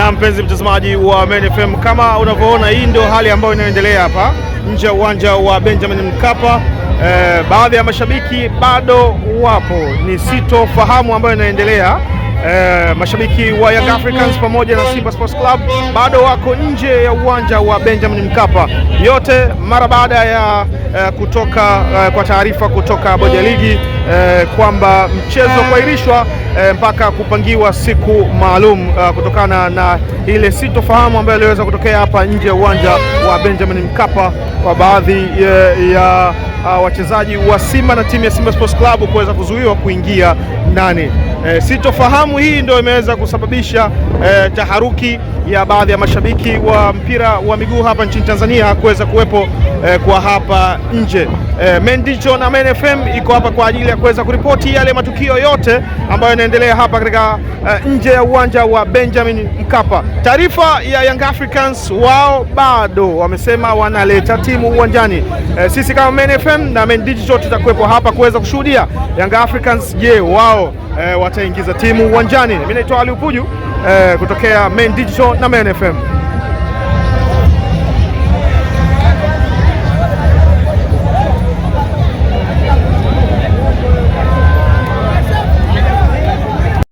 Na mpenzi mtazamaji wa Main FM, kama unavyoona, hii ndio hali ambayo inaendelea hapa nje ya uwanja wa Benjamin Mkapa. Eh, baadhi ya mashabiki bado wapo, ni sitofahamu ambayo inaendelea eh, mashabiki wa Young Africans pamoja na Simba Sports Club bado wako nje ya uwanja wa Benjamin Mkapa. Yote mara baada ya eh, kutoka eh, kwa taarifa kutoka bodi ligi eh, kwamba mchezo kuahirishwa eh, mpaka kupangiwa siku maalum eh, kutokana na ile sitofahamu ambayo iliweza kutokea hapa nje ya uwanja wa Benjamin Mkapa kwa baadhi eh, ya Uh, wachezaji wa Simba na timu ya Simba Sports Club kuweza kuzuiwa kuingia ndani. E, sitofahamu hii ndio imeweza kusababisha e, taharuki ya baadhi ya mashabiki wa mpira wa miguu hapa nchini Tanzania kuweza kuwepo e, kwa hapa nje. E, Main Digital na Main FM iko hapa kwa ajili ya kuweza kuripoti yale matukio yote ambayo yanaendelea hapa katika eh, nje ya uwanja wa Benjamin Mkapa. Taarifa ya Young Africans, wao bado wamesema wanaleta timu uwanjani. Eh, sisi kama Main FM na Main Digital tutakuwepo hapa kuweza kushuhudia Young Africans, je, wao wataingiza timu uwanjani? Mimi naitwa Ali Upuju kutokea Main Digital na Main FM.